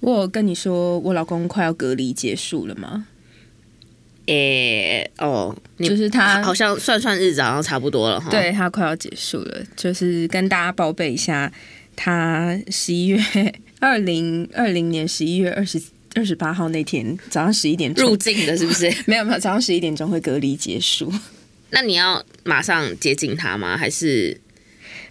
我有跟你說，我老公快要隔離結束了嗎？誒、欸，哦，就是他好，好像算算日子，好像差不多了哈。對，他快要結束了，就是跟大家報備一下，他十一月二零二零年十一月二十二十八號那天早上十一點入境的，是不是？沒 有沒有，早上十一點鐘會隔離結束。 那你要馬上接近他嗎？還是？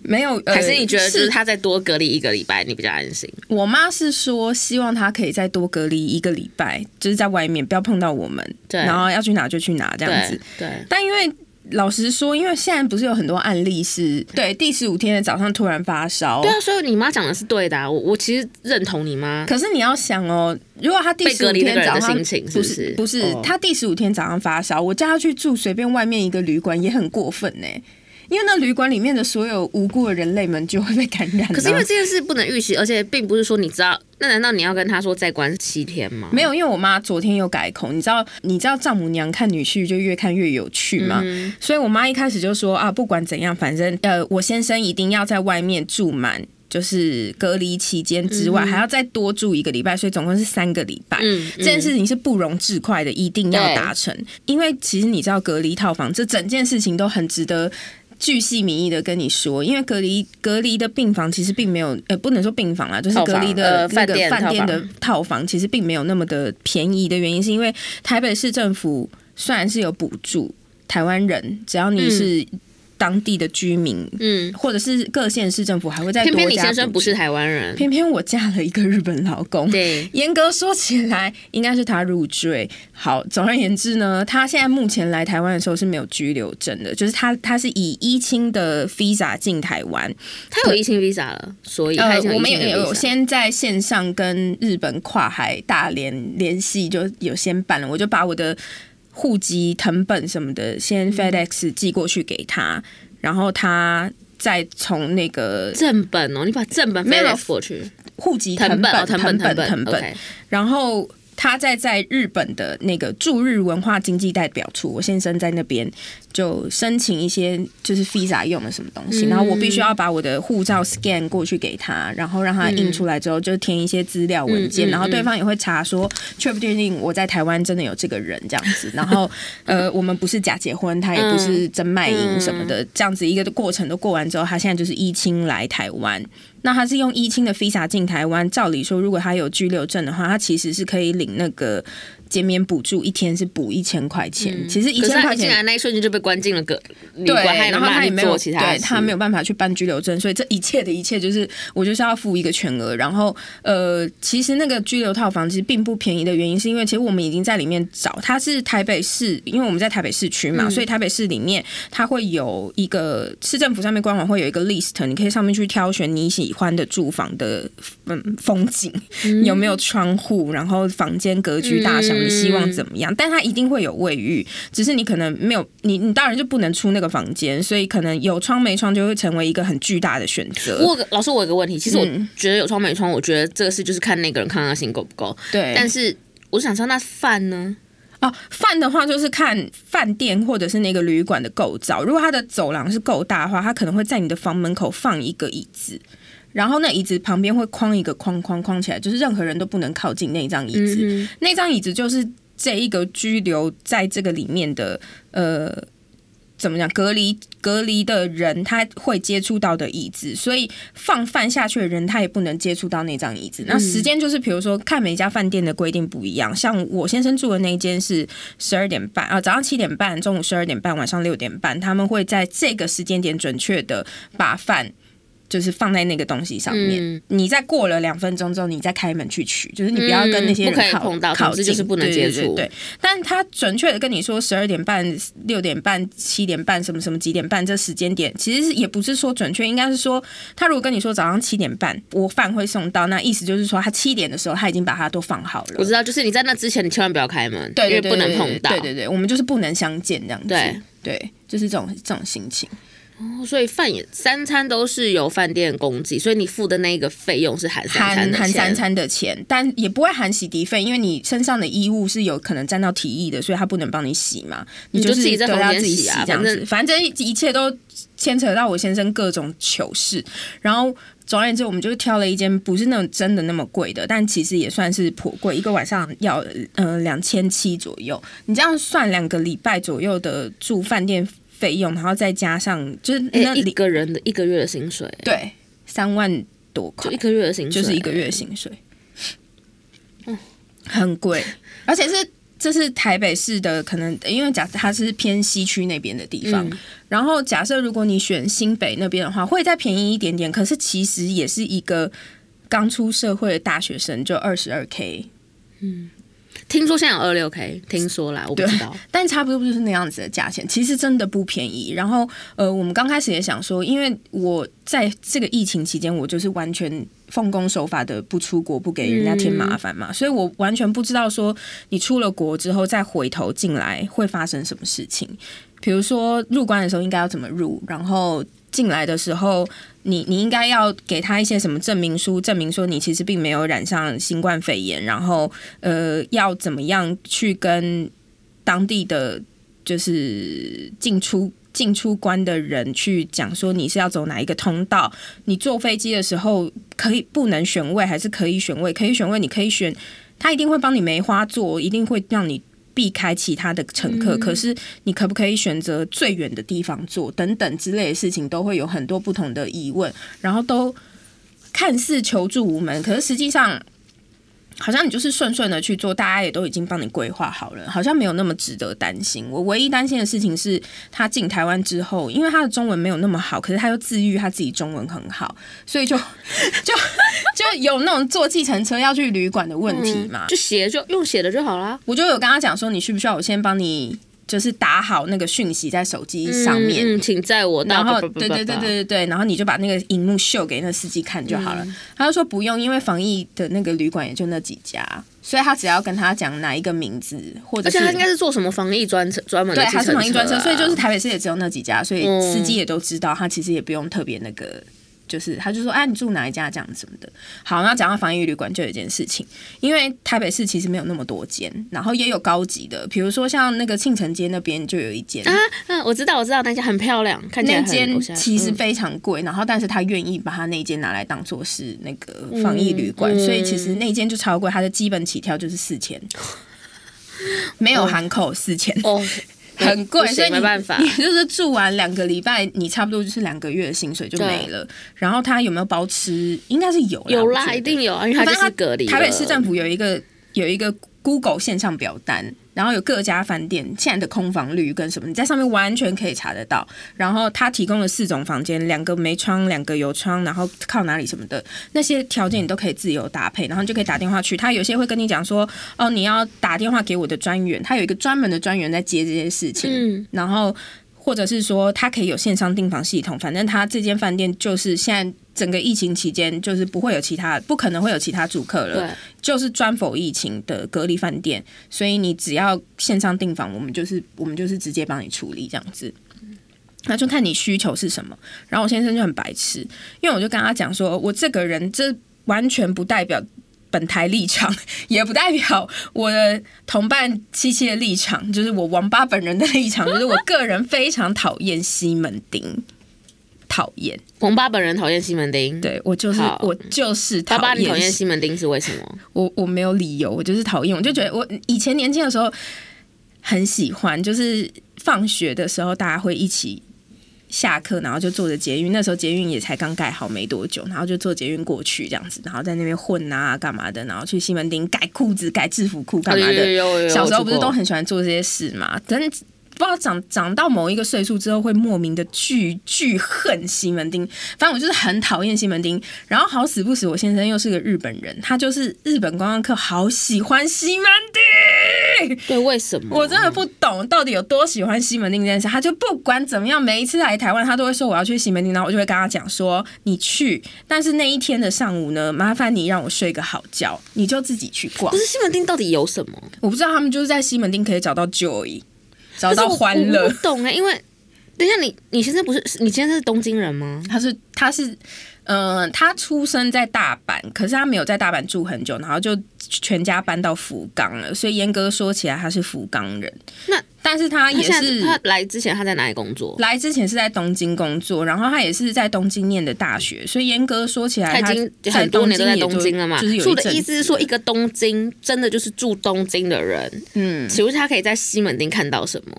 沒有、呃，還是你覺得是他再多隔離一個禮拜，你比較安心？我媽是說希望他可以再多隔離一個禮拜，就是在外面不要碰到我們，然後要去哪就去哪這樣子。對。對，但因為老實說，因為現在不是有很多案例是，對第十五天的早上突然發燒。對啊，所以你媽講的是對的、啊，我我其實認同你媽。可是你要想哦，如果他第十五天早上不是不是，她，不不是、oh. 她第十五天早上發燒，我叫他去住隨便外面一個旅館也很過分呢、欸。因為那旅館裡面的所有無辜的人類們就會被感染。可是因為這件事不能預期，而且並不是說你知道，那難道你要跟他說再關七天嗎？沒有，因為我媽昨天又改口，你知道，你知道丈母娘看女婿就越看越有趣嘛、嗯。所以我媽一開始就說啊，不管怎樣，反正呃，我先生一定要在外面住滿，就是隔離期間之外、嗯、還要再多住一個禮拜，所以總共是三個禮拜、嗯。這件事情是不容置喙的，一定要達成。因為其實你知道，隔離套房這整件事情都很值得。巨細靡遺的跟你說，因為隔離隔離的病房其實並沒有，呃、欸，不能說病房啦，房就是隔離的那個飯店的套房，其實並沒有那麼的便宜的原因，是因為台北市政府雖然是有補助台灣人，只要你是、嗯。當地的居民，嗯，或者是各縣市政府還會在。偏偏李先生不是台灣人，偏偏我嫁了一個日本老公。對，嚴格說起來，應該是他入贅。好，總而言之呢，他現在目前來台灣的時候是沒有居留證的，就是他他是以依親的 visa 進台灣，他有依親 visa 了，所以有、e 有呃、我們也有我先在線上跟日本跨海大連聯繫，就有先辦了，我就把我的。戶籍謄本什麼的，先 FedEx 寄過去給他，嗯、然後他再從那個正本哦，你把正本 mail 過去，戶籍謄本，謄本，謄本，然後。他在在日本的那個駐日文化經濟代表處，我先生在那邊就申請一些就是 visa 用的什麼東西，嗯，然後我必須要把我的護照 scan 過去給他，然後讓他印出來之後就填一些資料文件，嗯、然後對方也會查說，嗯嗯、確不確定，定我在台灣真的有這個人這樣子，然後 呃我們不是假結婚，他也不是真賣淫什麼的，嗯嗯、這樣子一個過程都過完之後，他現在就是依親來台灣。那他是用依親的 visa 進台灣，照理說，如果他有居留證的話，他其實是可以領那個。減免補助一天是補一千塊錢，嗯，其實一千塊錢進來，啊啊，那一瞬間就被關進了個，對，然後他也沒有其他對，他沒有辦法去辦居留證，所以這一切的一切就是我就是要付一個全額。然後呃，其實那個居留套房其實並不便宜的原因，是因為其實我們已經在裡面找，它是台北市，因為我們在台北市區嘛，嗯，所以台北市裡面它會有一個市政府上面官網會有一個 list，你可以上面去挑選你喜歡的住房的嗯風景，嗯，有沒有窗戶，然後房間格局大小。嗯嗯、你希望怎麼樣？但他一定會有衛浴，只是你可能沒有你，你當然就不能出那個房間，所以可能有窗沒窗就會成為一個很巨大的選擇。我有個老師，我有個問題，其實我覺得有窗沒窗，我覺得這個事就是看那個人抗壓性夠不夠。對，但是我想說，那飯呢？哦、啊，飯的話就是看飯店或者是那個旅館的構造。如果他的走廊是夠大的話，他可能會在你的房門口放一個椅子。然後那椅子旁邊會框一個框框框起來，就是任何人都不能靠近那一張椅子。嗯嗯。那張椅子就是這一個居留在這個裡面的，呃，怎麼講，隔離隔離的人他會接觸到的椅子，所以放飯下去的人他也不能接觸到那張椅子。嗯嗯。那時間就是比如說看每家飯店的規定不一樣，像我先生住的那間是十二點半啊，早上七點半，中午十二點半，晚上六點半，他們會在這個時間點準確的把飯，就是放在那個東西上面，嗯、你再過了兩分鐘之後，你再開門去取，就是你不要跟那些人，不可以碰到，靠近就是不能接觸。對，對，對，但他準確的跟你說十二點半、六點半、七點半什麼什麼幾點半這時間點，其實也不是說準確，應該是說他如果跟你說早上七點半我飯會送到，那意思就是說他七點的時候他已經把它都放好了。我知道，就是你在那之前你千萬不要開門，對，對，對，對，對，因為不能碰到。對對，對對對，我們就是不能相見這樣子。對，對就是這種這種心情。哦，所以飯也三餐都是由飯店供給，所以你付的那個費用是含含含三餐的錢，但也不會含洗滌費，因為你身上的衣物是有可能沾到體液的，所以他不能幫你洗嘛，你就自己在房間洗啊，這樣子。啊、反正、反正、反正一，一切都牽扯到我先生各種糗事。然後總而言之，我們就是挑了一間不是那種真的那麼貴的，但其實也算是頗貴，一個晚上要呃兩千七左右。你這樣算兩個禮拜左右的住飯店。費用，然後再加上就是那一個人的一個月的薪水，對，三萬多塊，一個月的薪就是一個月的薪水，嗯，很貴，而且是這是台北市的，可能因為假設它是偏西區那邊的地方，然後假設如果你選新北那邊的話，會再便宜一點點，可是其實也是一個剛出社會的大學生就二十二 K，嗯。聽說現在有 26K，聽說啦，我不知道，但差不多就是那樣子的價錢，其實真的不便宜。然後，呃，我們剛開始也想說，因為我在這個疫情期間，我就是完全奉公守法的，不出國，不給人家添麻煩嘛，嗯，所以我完全不知道說你出了國之後再回頭進來會發生什麼事情，比如說入關的時候應該要怎麼入，然後進來的時候。你你應該要給他一些什麼證明書，證明說你其實並沒有染上新冠肺炎。然後，呃，要怎麼樣去跟當地的就是進出進出關的人去講說，你是要走哪一個通道？你坐飛機的時候可以不能選位，還是可以選位？可以選位，你可以選，他一定會幫你梅花座，一定會讓你避開其他的乘客，可是你可不可以選擇最遠的地方坐？等等之類的事情，都會有很多不同的疑問，然後都看似求助無門，可是實際上。好像你就是順順的去做，大家也都已經幫你規劃好了，好像沒有那麼值得擔心。我唯一擔心的事情是他進台灣之後，因為他的中文沒有那麼好，可是他又自愈他自己中文很好，所以就就就有那種坐計程車要去旅館的問題嘛，嗯，就寫就用寫的就好啦。我就有跟他講說，你需不需要我先幫你。就是打好那個訊息在手機上面，嗯，請在我，然後對對對對對對，然後你就把那個熒幕秀給那司機看就好了、嗯。他就說不用，因為防疫的那個旅館也就那幾家，所以他只要跟他講哪一個名字，或者而且他應該是做什麼防疫專車、啊，專門。對，他是防疫專車，所以就是台北市也只有那幾家，所以司機也都知道，他其實也不用特別那個。就是他就說，哎、啊，你住哪一家這樣子什麼的？好，那講到防疫旅館，就有一件事情，因為台北市其實沒有那麼多間，然後也有高級的，比如說像那個慶城街那邊就有一間啊，嗯、啊，我知道我知道那間很漂亮，看那間其實非常貴、嗯，然後但是他願意把他那間拿來當做是那個防疫旅館、嗯嗯，所以其實那間就超貴，他的基本起跳就是四千， 沒有含扣四千。哦 4, 很貴，所以沒辦法。你就是住完兩個禮拜，你差不多就是兩個月的薪水就沒了。然後他有沒有包吃？應該是有啦，有啦，一定有啊。因為他是隔離，台北市政府有一個有一個 Google 線上表單。然後有各家飯店現在的空房率跟什麼，你在上面完全可以查得到。然後他提供了四種房間，兩個沒窗，兩個有窗，然後靠哪裡什麼的那些條件你都可以自由搭配，然後就可以打電話去。他有些會跟你講說，哦，你要打電話給我的專員，他有一個專門的專員在接這件事情。嗯，然後或者是說他可以有線上訂房系統，反正他這間飯店就是現在。整個疫情期間，就是不會有其他，不可能會有其他住客了。對，就是專否疫情的隔離飯店，所以你只要線上訂房，我們就是我們就是直接幫你處理這樣子，那就看你需求是什麼。然後我先生就很白痴，因為我就跟他講說，我這個人這完全不代表本台立場，也不代表我的同伴七七的立場，就是我王八本人的立場，就是我個人非常討厭西門町。 討厭，嗯嗯嗯就是、討厭，紅爸本人討厭西門町。對，我就是我就是他爸，你討厭西門町是為什麼？我我沒有理由，我就是討厭。我就覺得我以前年輕的時候很喜歡，就是放學的時候大家會一起下課，然後就坐着捷運。那時候捷運也才剛蓋好沒多久，然後就坐捷運過去這樣子，然後在那邊混啊幹嘛的，然後去西門町改褲子、改制服褲干嘛的。哎、小時候不是都很喜歡做這些事嘛，真、哎。不知道長長到某一個歲數之後，會莫名的巨巨恨西門町。反正我就是很討厭西門町。然後好死不死，我先生又是個日本人，他就是日本觀光客，好喜歡西門町。對，為什麼？我真的不懂到底有多喜歡西門町這件事。他就不管怎麼樣，每一次來台灣，他都會說我要去西門町，然後我就會跟他講說你去。但是那一天的上午呢，麻煩你讓我睡個好覺，你就自己去逛。可是西門町到底有什麼？我不知道，他們就是在西門町可以找到 Joy 找到歡樂。不懂哎、欸，因為，等一下你，你現在不是，你現在是東京人嗎？他是，他是。嗯，他出生在大阪，可是他沒有在大阪住很久，然後就全家搬到福岡了。所以嚴格說起來，他是福岡人。那但是他也是，他來之前他在哪裡工作？來之前是在東京工作，然後他也是在東京念的大學。所以嚴格說起來他，已經很多年都在東京就、就是、了嘛。住的意思是說一個東京真的就是住東京的人。嗯，請問他可以在西門町看到什麼？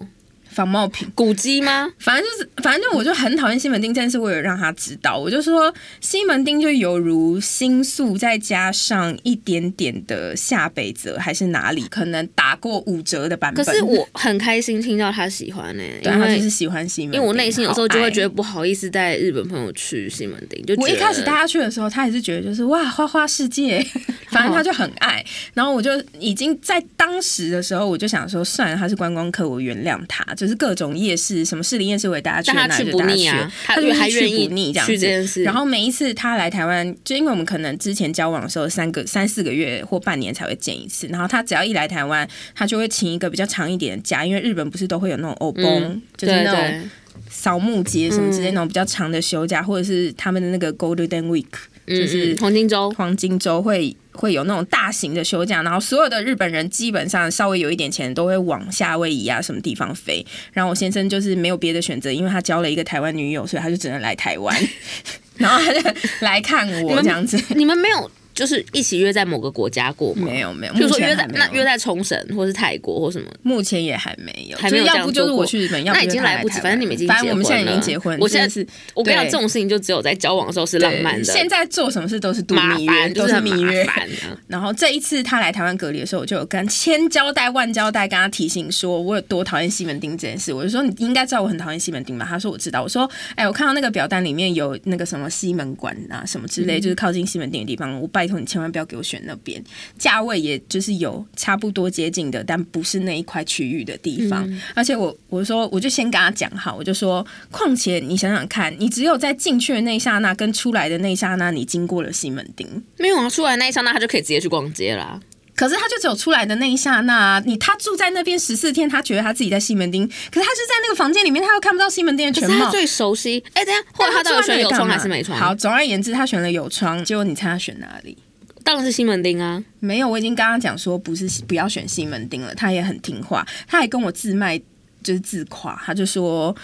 仿冒品、古蹟嗎？反正就是，反正就我就很討厭西門町，但是為了讓他知道，我就是說西門町就猶如新宿，再加上一點點的下北澤，還是哪裡，可能打過五折的版本。可是我很開心聽到他喜歡呢，欸，因為他就是喜歡西門町，因為我內心有時候就會覺得不好意思帶日本朋友去西門町。就我一開始帶他去的時候，他也是覺得就是哇花花世界。 反正他就很愛。然後我就已經在當時的時候，我就想說算了，他是觀光客，我原諒他。就是各種夜市，什麼士林夜市，我也帶他去，大家、啊、去，大家他就得還去不膩這樣子去這。然後每一次他來台灣，就因為我們可能之前交往的時候，三個三四個月或半年才會見一次。然後他只要一來台灣，他就會請一個比較長一點的假，因為日本不是都會有那種歐崩、嗯，就是那種掃墓節什麼之類的那種比較長的休假、嗯，或者是他們的那個 Golden Week。嗯嗯，就是黃金週。黃金週會會有那種大型的休假，然後所有的日本人基本上稍微有一點錢都會往夏威夷啊什麼地方飛。然後我先生就是沒有別的選擇，因為他交了一個台灣女友，所以他就只能來台灣， 然後他就來看我這樣子。你們沒有。就是一起約在某個國家過嗎？沒有沒有，沒有就是、說約在那約在沖繩，或是泰國，或什麼？目前也還沒有。所以、就是、要不就是我去日本，要不就是來台灣台來。反正你們已經結婚了。反正我們現在已經結婚了、就是。我現在是，我跟你講，這種事情就只有在交往的時候是浪漫的。現在做什麼事都是度蜜月，都、就是蜜月、就是啊。然後這一次他來台灣隔離的時候，我就有跟千交代萬交代，跟他提醒說我有多討厭西門町這件事。我就說你應該知道我很討厭西門町吧？他說我知道。我說哎、欸，我看到那個表單裡面有那個什麼西門館啊什麼之類、嗯，就是靠近西門町的地方，我把。拜託你千萬不要給我選那邊，價位也就是有差不多接近的，但不是那一塊區域的地方。嗯、而且我我說我就先跟他講好，我就說，況且你想想看，你只有在進去的那一剎那跟出來的那一剎那，你經過了西門町，沒有啊？出來的那一剎那，他就可以直接去逛街啦。可是他就只有出來的那一下那、啊，那你他住在那邊十四天，他覺得他自己在西門町。可是他就在那個房間裡面，他又看不到西門町的全貌。可是他最熟悉哎，等下或者他到底選有窗還是沒窗？好，總而言之，他選了有窗，結果你猜他選哪裡？當然是西門町啊！沒有，我已經跟他講說不是，不要選西門町了。他也很聽話，他還跟我自賣，就是自誇。他就說：“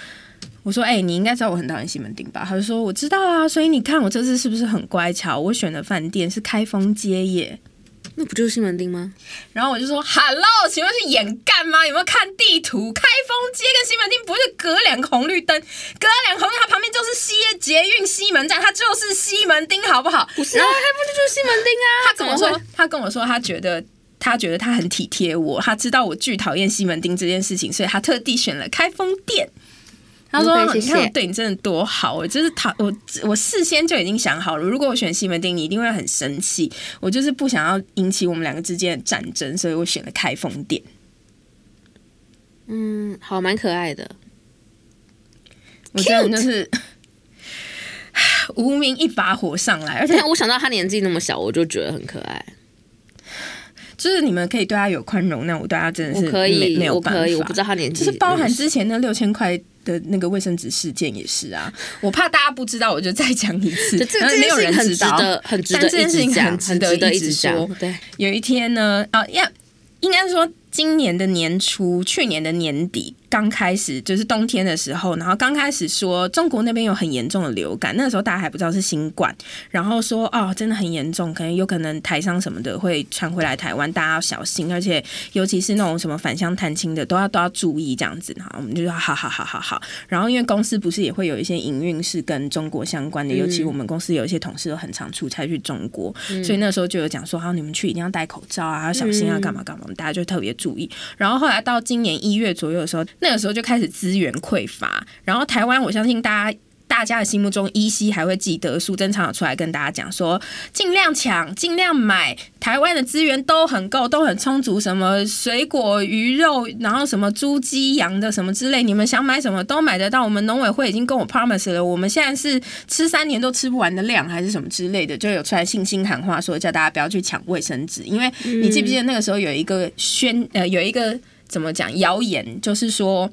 我說，哎、欸，你應該知道我很討厭西門町吧？”他就說：“我知道啊，所以你看我這次是不是很乖巧？我選的飯店是開封街耶。”那不就是西門町嗎？然後我就說，哈嘍請問是眼乾嗎？有沒有看地圖？開封街跟西門町不是隔兩個紅綠燈，隔兩紅綠燈，它旁邊就是西捷運西門站，它就是西門町，好不好？不是啊，開封街就是西門町啊。啊啊，他跟我說，他跟我說，他覺得他覺得他很體貼我，他知道我巨討厭西門町這件事情，所以他特地選了開封店。他說：“你看我對你真的多好，我就是討，我我事先就已經想好了，如果我選西門町，你一定會很生氣。我就是不想要引起我們兩個之間的戰爭，所以我選了開封店。”嗯，好，蠻可愛的。我真的是、Cute、無名一把火上來，而且我想到他年紀那麼小，我就覺得很可愛。就是你們可以對他有寬容，那我對他真的是可以，我沒有辦法。我不知道他年紀，就是包含之前那六千塊。的那個衛生紙事件也是啊，我怕大家不知道，我就再講一次。這這沒有人知道，但這件事情是很值得一直講。對，有一天呢，啊，要應該說。今年的年初，去年的年底，剛開始就是冬天的時候，然後剛開始說中國那邊有很嚴重的流感，那時候大家還不知道是新冠，然後說哦，真的很嚴重，可能有可能台商什麼的會傳回來台灣，大家要小心，而且尤其是那種什麼返鄉探親的，都要都要注意這樣子。然後我們就說好好好好好。然後因為公司不是也會有一些營運是跟中國相關的，嗯，尤其我們公司有一些同事都很常出差去中國，嗯、所以那時候就有講說，好，你們去一定要戴口罩啊，要小心要幹嘛幹嘛，嗯、大家就特別。然後後來到今年一月左右的時候，那個時候就開始資源匱乏，然後台灣，我相信大家。大家的心目中依稀還會記得，蘇貞昌有出來跟大家講說，盡量搶，盡量買，台灣的資源都很夠，都很充足，什麼水果、魚肉，然後什麼豬、雞、羊的什麼之類，你們想買什麼都買得到。我們農委會已經跟我 promise 了，我們現在是吃三年都吃不完的量，還是什麼之類的，就有出來信心喊話說，說叫大家不要去搶衛生紙，因為你記不記得那個時候有一個宣呃有一個怎麼講謠言，就是說。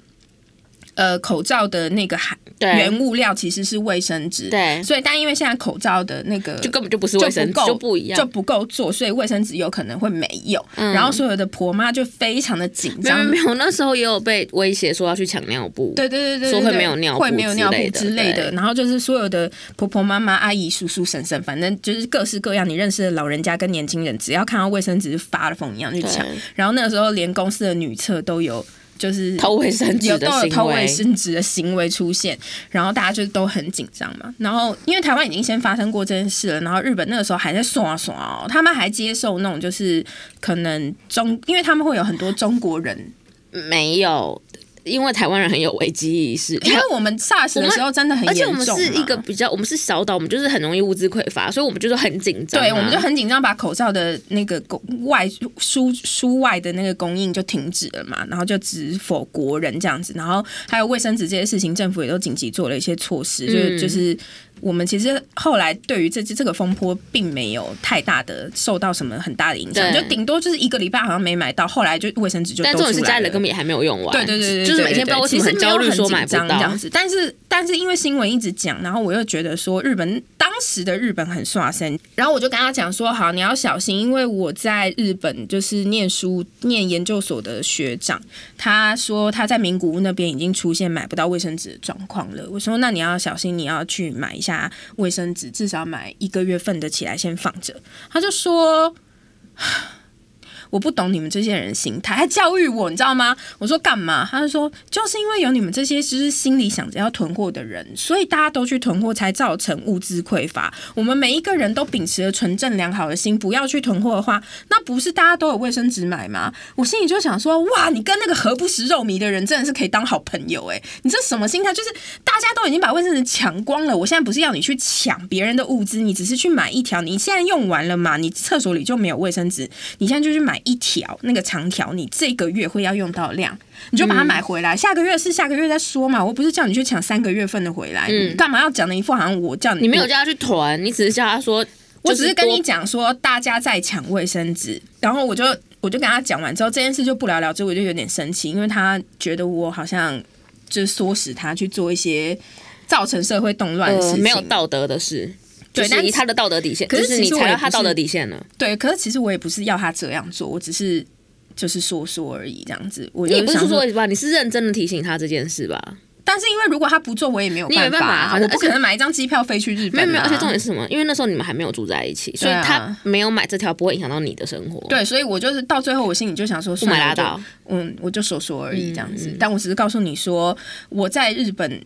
呃，口罩的那個含原物料其實是衛生紙，對，所以但因為現在口罩的那個就根本就不是衛生紙就不夠，就不一樣就不夠做，所以衛生紙有可能會沒有。嗯、然後所有的婆媽就非常的緊張，沒有，沒有那時候也有被威脅說要去搶尿布，對對對對，對，說會沒有尿布會沒有尿布之類的，之類的。然後就是所有的婆婆媽媽、阿姨、叔叔、嬸嬸，反正就是各式各樣你認識的老人家跟年輕人，只要看到衛生紙就發了瘋一樣去搶。然後那個時候連公司的女廁都有。就是偷衛生紙，有偷衛生紙的行為出現，然後大家就都很緊張嘛。然後因為台灣已經先發生過這件事了，然後日本那個時候還在刷刷，他們還接受那種就是可能中，因為他們會有很多中國人沒有。因為台灣人很有危機意識，因為我們 SARS 的時候真的很嚴重，啊很，而且我們是一個比較，我們是小島，我們就是很容易物資匱乏，所以我們就是很緊張，啊，對，我們就很緊張，把口罩的那個供外輸輸外的那個供應就停止了嘛，然後就只否國人這樣子，然後還有衛生紙這些事情，政府也都緊急做了一些措施，嗯、就就是。我們其實後來對於這次這個風波並沒有太大的受到什麼很大的影響，就頂多就是一個禮拜好像沒買到，後來就衛生紙就都出來了，但是家裡根本也還沒有用完，對對對，對，對，對就是每天都其實沒有很焦慮，說很緊張這樣子，但是但是因為新聞一直講，然後我又覺得說日本當時的日本很刷身，然後我就跟他講說好，你要小心，因為我在日本就是念書念研究所的學長，他說他在名古屋那邊已經出現買不到衛生紙的狀況了，我說那你要小心，你要去買一下。啊、衛生紙至少買一個月份的起來，先放着。他就說。我不懂你們這些人心態，還教育我，你知道嗎？我說幹嘛？他就說就是因為有你們這些，其實心裡想着要囤貨的人，所以大家都去囤貨，才造成物資匱乏。我們每一個人都秉持著純正良好的心，不要去囤貨的話，那不是大家都有衛生紙買嗎？我心裡就想說，哇，你跟那個何不食肉糜的人真的是可以當好朋友哎、欸！你這什麼心態？就是大家都已經把衛生紙搶光了，我現在不是要你去搶別人的物資，你只是去買一條。你現在用完了嘛？你廁所裡就沒有衛生紙，你現在就去買。一條那個長條，你這個月會要用到量，你就把它買回來。嗯、下個月是下個月再說嘛。我不是叫你去搶三個月份的回來，幹、嗯、嘛要講的一副好像我叫你？你沒有叫他去囤，嗯，你只是叫他說，我只、就是、是跟你講說大家在搶衛生紙，然後我就我就跟他講完之後，這件事就不了了之。就我就有點生氣，因為他覺得我好像就是唆使他去做一些造成社會動亂的事情、呃、沒有道德的事。對，那以他的道德底線，可是你才要他道德底線呢。對，可是其實我也不是要他這樣做，我只是就是說說而已，這樣子我。你也不是說說吧，你是認真的提醒他這件事吧？但是因為如果他不做，我也沒有辦法，辦法啊、我不可能買一張機票飛去日本。沒有，沒有，而且重點是什麼？因為那時候你們還沒有住在一起，所以、啊、他沒有買這條不會影響到你的生活。對，所以我就是到最後我心裡就想說算了就，不買拉倒嗯，我就說說而已，這樣子嗯嗯。但我只是告訴你說，我在日本。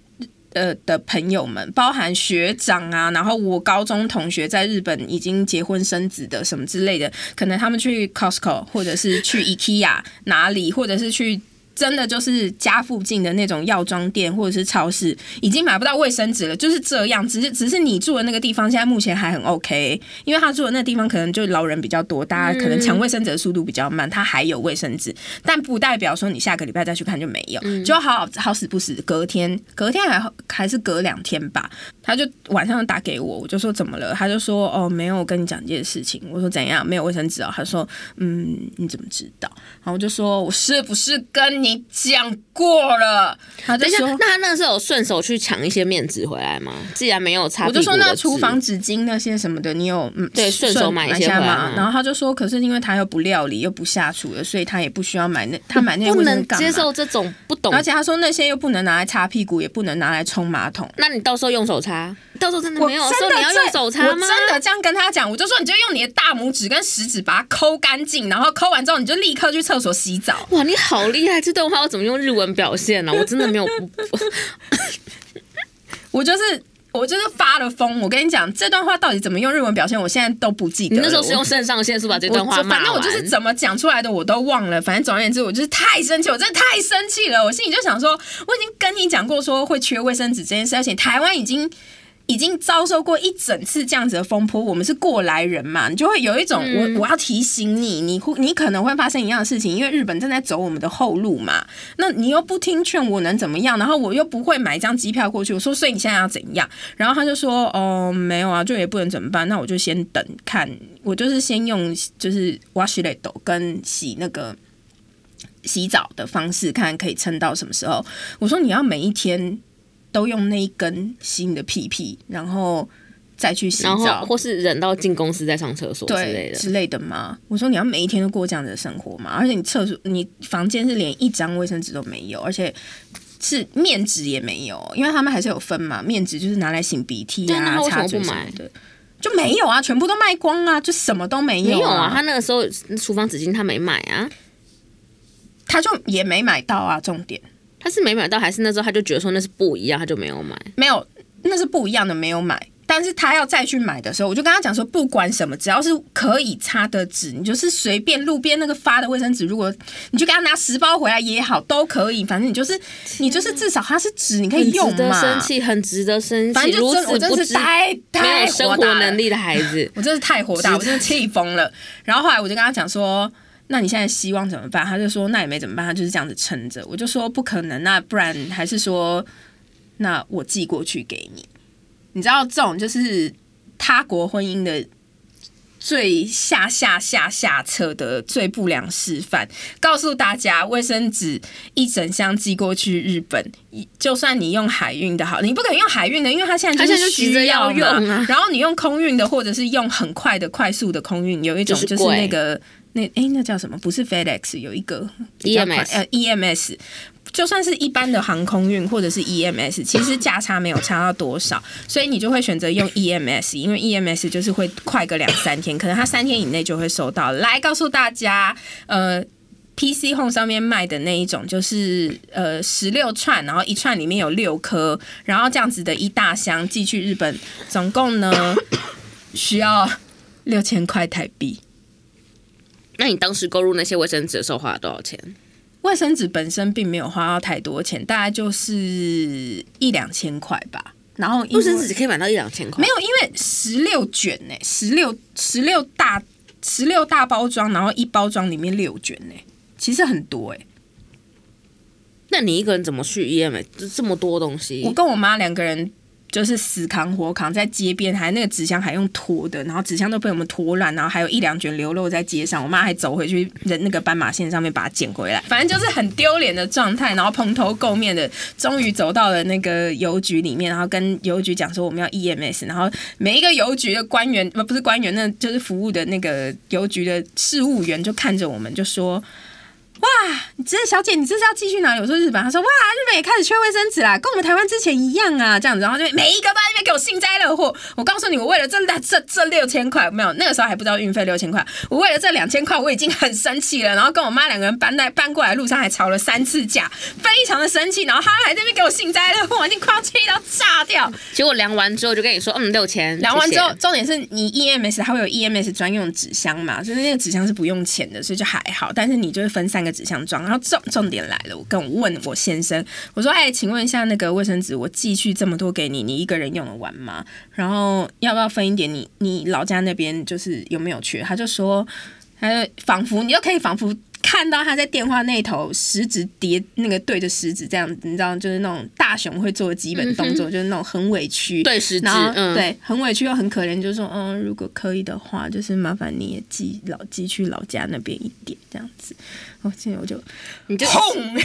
呃的朋友們，包含學長啊，然後我高中同學在日本已經結婚生子的什麼之類的，可能他們去 Costco 或者是去 IKEA 哪裡，或者是去。真的就是家附近的那種藥妝店或者是超市已經買不到衛生紙了，就是這樣。只是只是你住的那個地方現在目前還很 OK，因為他住的那個地方可能就老人比較多，大家可能搶衛生紙的速度比較慢，他還有衛生紙、嗯，但不代表說你下個禮拜再去看就沒有，嗯、就好好死不死隔天隔天還還是隔兩天吧，他就晚上打給我，我就說怎麼了，他就說哦沒有，跟你講這件事情，我說怎樣沒有衛生紙啊、哦，他說嗯你怎麼知道，然後我就說我是不是跟你。你講過了，等一下，那他那時候有順手去搶一些面紙回來嗎？既然沒有擦，我就說，那廚房紙巾那些什麼的，你有嗯，對，順手買一下嗎？然後他就說，可是因為他又不料理，又不下廚了，所以他也不需要買。那他買，那不能接受這種不懂，而且他說那些又不能拿來擦屁股，也不能拿來沖馬桶，那你到時候用手擦。到時候真的沒有，我說你要用手擦嗎？真的這樣跟他講，我就說你就用你的大拇指跟食指把它摳乾淨，然後摳完之後你就立刻去廁所洗澡。哇，你好厲害！這段話我怎麼用日文表現呢、啊？我真的沒有不， 我就是我就是發了瘋。我跟你講，這段話到底怎麼用日文表現，我現在都不記得。你那時候是用腎上腺素把這段話罵完，反正我就是怎麼講出來的我都忘了。反正總而言之，我就是太生氣，我真的太生氣了。我心裡就想說，我已經跟你講過說會缺衛生紙這件事情，台灣已經。已經遭受過一整次這樣子的風波，我們是過來人嘛，你就會有一種、嗯、我我要提醒你，你你可能會發生一樣的事情，因為日本正在走我們的後路嘛。那你又不聽勸，我能怎麼樣？然後我又不會買一張機票過去，我說，所以你現在要怎樣？然後他就說，哦，沒有啊，就也不能怎麼辦，那我就先等看，我就是先用就是 washlet 跟洗那個洗澡的方式，看可以撐到什麼時候。我說，你要每一天。都用那一根洗你的屁屁，然後再去洗澡，或是忍到進公司再上廁所之類的之類的嗎？我說你要每一天都過這樣子的生活嗎？而且你廁所、你房間是連一張衛生紙都沒有，而且是面紙也沒有，因為他們還是有分嘛，面紙就是拿來擤鼻涕啊、擦嘴什麼的，就沒有啊，全部都賣光啊，就什麼都沒有啊。沒有啊，他那個時候廚房紙巾他沒買啊，他就也沒買到啊，重點。他是沒買到，還是那時候他就覺得說那是不一樣，他就沒有買。沒有，那是不一樣的，沒有買。但是他要再去買的時候，我就跟他講說，不管什麼，只要是可以擦的紙，你就是隨便路邊那個發的衛生紙，如果你就給他拿十包回來也好，都可以。反正你就是你就是至少它是紙，你可以用嘛。很值得生氣，很值得生氣。反正就真我真是太，太火大了，沒有生活能力的孩子，我真是太火大，我真的氣瘋了。然後後來我就跟他講說。那你現在希望怎麼辦？他就說，那也沒怎麼辦，他就是這樣子撐着。我就說不可能，那不然還是說，那我寄過去給你。你知道這種就是他國婚姻的最下下下下策的最不良示範。告訴大家，衛生紙一整箱寄過去日本，就算你用海運的好，你不可能用海運的，因為他現在他就急着要用。然後你用空運的，或者是用很快的快速的空運，有一種就是那個。那誒、欸，那叫什麼？不是 FedEx 有一個 EMS，呃，EMS，就算是一般的航空運或者是 EMS，其實價差沒有差到多少，所以你就會選擇用 EMS，因為 EMS 就是會快個兩三天，可能它三天以內就會收到。來告訴大家，呃，PC Home 上面賣的那一種，就是呃十六串，然後一串裡面有六顆，然後這樣子的一大箱寄去日本，總共呢需要六千塊台幣。那你當時購入那些衛生紙的時候花了多少錢？衛生紙本身並沒有花到太多錢，大概就是一兩千塊吧。然後衛生紙可以買到一兩千塊，沒有，因為十六捲呢、欸，十六十六大十六大包裝，然後一包裝裡面六捲呢、欸，其實很多誒、欸。那你一個人怎麼去醫院買這麼多東西？我跟我媽兩個人。就是死扛活扛在街邊，還那個紙箱還用拖的，然後紙箱都被我們拖爛，然後還有一兩卷流落在街上。我媽還走回去，人那個斑馬線上面把它撿回來。反正就是很丟臉的狀態，然後蓬頭垢面的，終於走到了那個郵局裡面，然後跟郵局講說我們要 EMS，然後每一個郵局的官員不不是官員，那就是服務的那個郵局的事務員就看着我們就說，哇！你真的小姐，你這是要寄去哪裡？我說日本，他說哇，日本也開始缺衛生紙啦，跟我們台灣之前一樣啊，這樣子，然後就每一個都在那邊給我幸災樂禍。我告訴你，我為了掙的這這六千塊，沒有，那個時候還不知道運費六千塊，我為了這兩千塊，我已經很生氣了。然後跟我媽兩個人搬來搬過來，路上還吵了三次架，非常的生氣。然後他還在那邊給我幸災樂禍，我已經快要氣到炸掉。結果量完之後就跟你說，嗯，六千。量完之後，重點是你 EMS 它會有 EMS 專用紙箱嘛，就是那個紙箱是不用錢的，所以就還好。但是你就是分散，紙箱裝，然後重重點來了，我跟我問我先生，我說：“哎、欸，請問一下那個衛生紙，我寄去這麼多給你，你一個人用得完嗎？然後要不要分一點你？你你老家那邊就是有沒有缺？他就說：“他就仿佛你又可以仿佛。”看到他在電話那頭食指疊那個對着食指這樣子，你知道，就是那種大雄會做的基本動作、嗯，就是那種很委屈，對食指，然、嗯、對很委屈又很可憐，就說嗯、哦，如果可以的話，就是麻煩你也寄老寄去老家那邊一點這樣子。我現在我就你就、嗯、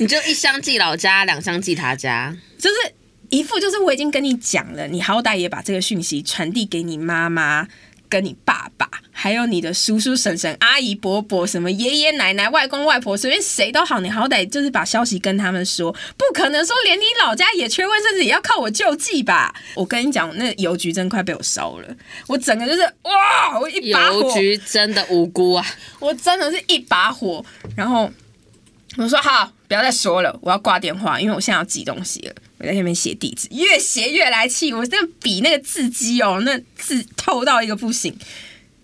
你就一箱寄老家，兩箱寄他家，就是一副就是我已經跟你講了，你好歹也把這個訊息傳遞給你媽媽，跟你爸爸，還有你的叔叔、嬸嬸、阿姨、伯伯，什麼爺爺、奶奶、外公、外婆，隨便誰都好，你好歹就是把消息跟他們說，不可能說連你老家也缺衛生紙，甚至也要靠我救濟吧？我跟你講，那郵局真快被我燒了，我整個就是哇，我一把火郵局真的無辜啊，我真的是一把火，然後我說好，不要再說了，我要掛電話，因為我現在要寄東西了。我在下面寫地址，越寫越來氣，我真的比那個字跡哦，那字透到一個不行。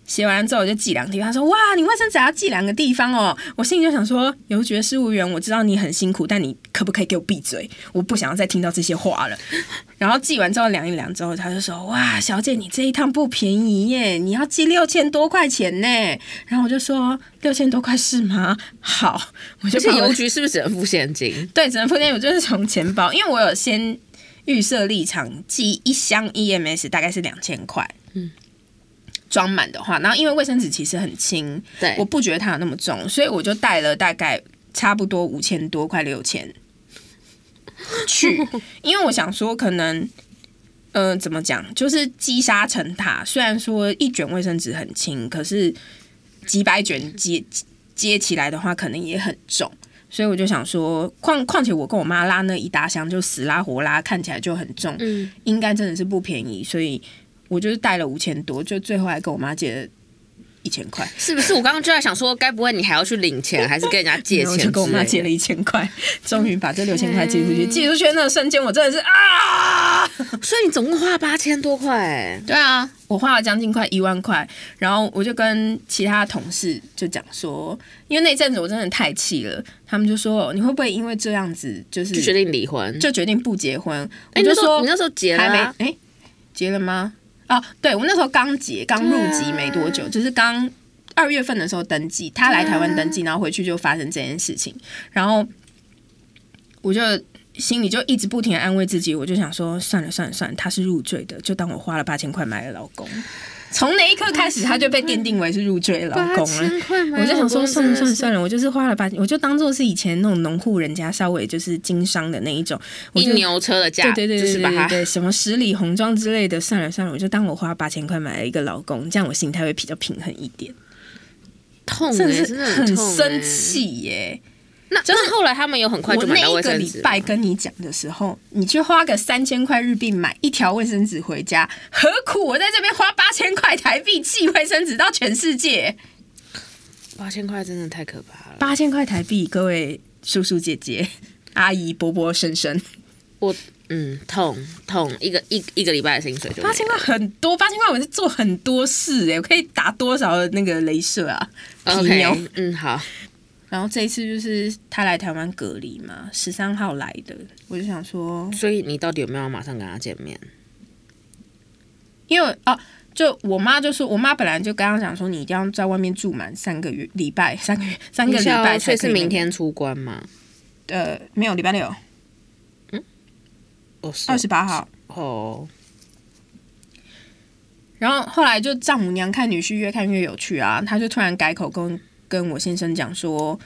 寫完之後我就寄兩個地方，他說：“哇，你衛生紙要寄兩個地方哦。”我心裡就想說：“郵局事務員，我知道你很辛苦，但你可不可以給我閉嘴？我不想要再聽到這些話了。 ”然後寄完之後量一量之後，他就說：“哇，小姐，你這一趟不便宜耶，你要寄六千多塊錢呢。”然後我就說：“六千多塊是嗎？好。”我就是郵局是不是只能付現金？對，只能付現金，我就是從錢包。因為我有先預設立場，寄一箱 EMS 大概是兩千塊。嗯。裝滿的話，然後因為衛生紙其實很輕，對，我不覺得它有那麼重，所以我就帶了大概差不多五千多塊六千去， 因為我想說可能，嗯、呃，怎麼講，就是積沙成塔。雖然說一卷衛生紙很輕，可是幾百卷接接起來的話，可能也很重。所以我就想說，況況且我跟我媽拉那一大箱，就死拉活拉，看起來就很重，嗯、應該真的是不便宜，所以。我就是帶了五千多，就最後還跟我媽借了一千塊，是不是？我剛剛就在想說，該不會你還要去領錢， 還是跟人家借錢？就跟我媽借了一千塊，終於把這六千塊寄出去。寄出去那個瞬間，我真的是啊！所以你總共花了八千多塊，對啊，我花了將近快一萬塊。然後我就跟其他同事就講說，因為那陣子我真的太氣了，他們就說你會不會因為這樣子就是就決定離婚，就決定不結婚？我就說你那時候結了、啊，哎、欸，結了嗎？啊、oh，對我那時候剛結，剛入籍沒多久，嗯啊、就是剛二月份的時候登記，他來台灣登記，然後回去就發生這件事情、嗯啊，然後我就心裡就一直不停地安慰自己，我就想說算了算了算了，他是入贅的，就當我花了八千塊買了老公。從那一刻開始，他就被奠定為是入贅老公了。我就想說，算，算，算，算了算了算了，我就是花了八千，我就當做是以前那種農戶人家稍微就是經商的那一種，一牛車的價，對對對對對，對，什麼十里紅妝之類的，算了算了，我就當我花八千塊買了一個老公，這樣我心態會比較平衡一點。痛，真的很生氣耶。那就是那後來他們有很快就買。我那一個禮拜跟你講的時候，你去花個三千塊日幣買一條衛生紙回家，何苦？我在這邊花八千塊台幣寄衛生紙到全世界。八千塊真的太可怕了。八千塊台幣，各位叔叔、姐姐、阿姨、伯伯、嬸嬸，我嗯，痛痛一個一一個禮拜的薪水就，就八千塊很多，八千塊我是做很多事哎、欸，我可以打多少那個雷射啊皮？OK，嗯，好。然後這一次就是他來台灣隔離嘛，十三號來的，我就想說，所以你到底有沒有要馬上跟他見面？因為啊，就我媽就是我媽本來就跟他講說，你一定要在外面住滿三個月，禮拜三個月，三個禮拜才。所以是明天出關嘛。呃，沒有，禮拜六。嗯。二十八號。哦。Oh. 然後後來就丈母娘看女婿越看越有趣啊，她就突然改口跟，跟我先生講說，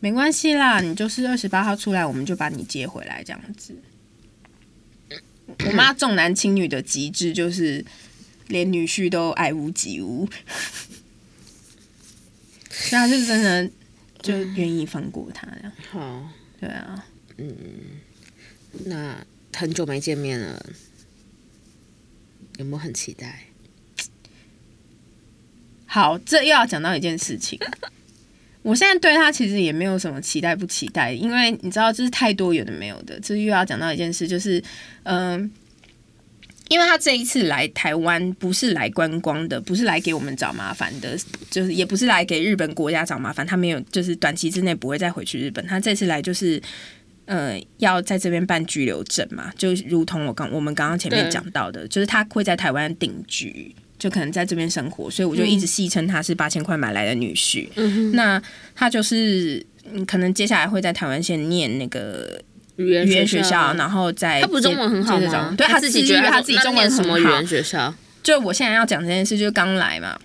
沒關係啦，你就是二十八號出來，我們就把你接回來這樣子。 我媽重男輕女的極致，就是連女婿都愛屋及烏，但 是真的就願意放過他呀。好，對啊，嗯，那很久沒見面了，有沒有很期待？好，這又要講到一件事情。我現在對他其實也沒有什麼期待不期待，因為你知道，這是太多有的沒有的。這又要講到一件事，就是，嗯、呃，因為他這一次來台灣不是來觀光的，不是來給我們找麻煩的，就是也不是來給日本國家找麻煩。他沒有，就是短期之內不會再回去日本。他這次來就是，嗯、呃，要在這邊辦居留證嘛，就如同我剛我們剛剛前面講到的，就是他會在台灣定居。就可能在這邊生活，所以我就一直戲稱他是八千塊買來的女婿。嗯、那他就是可能接下來會在台灣先念那個語言語言學校，然後在他不是中文很好嗎？對，他自己覺得他自己中文什麼語言學校？就我現在要講這件事，就剛來嘛。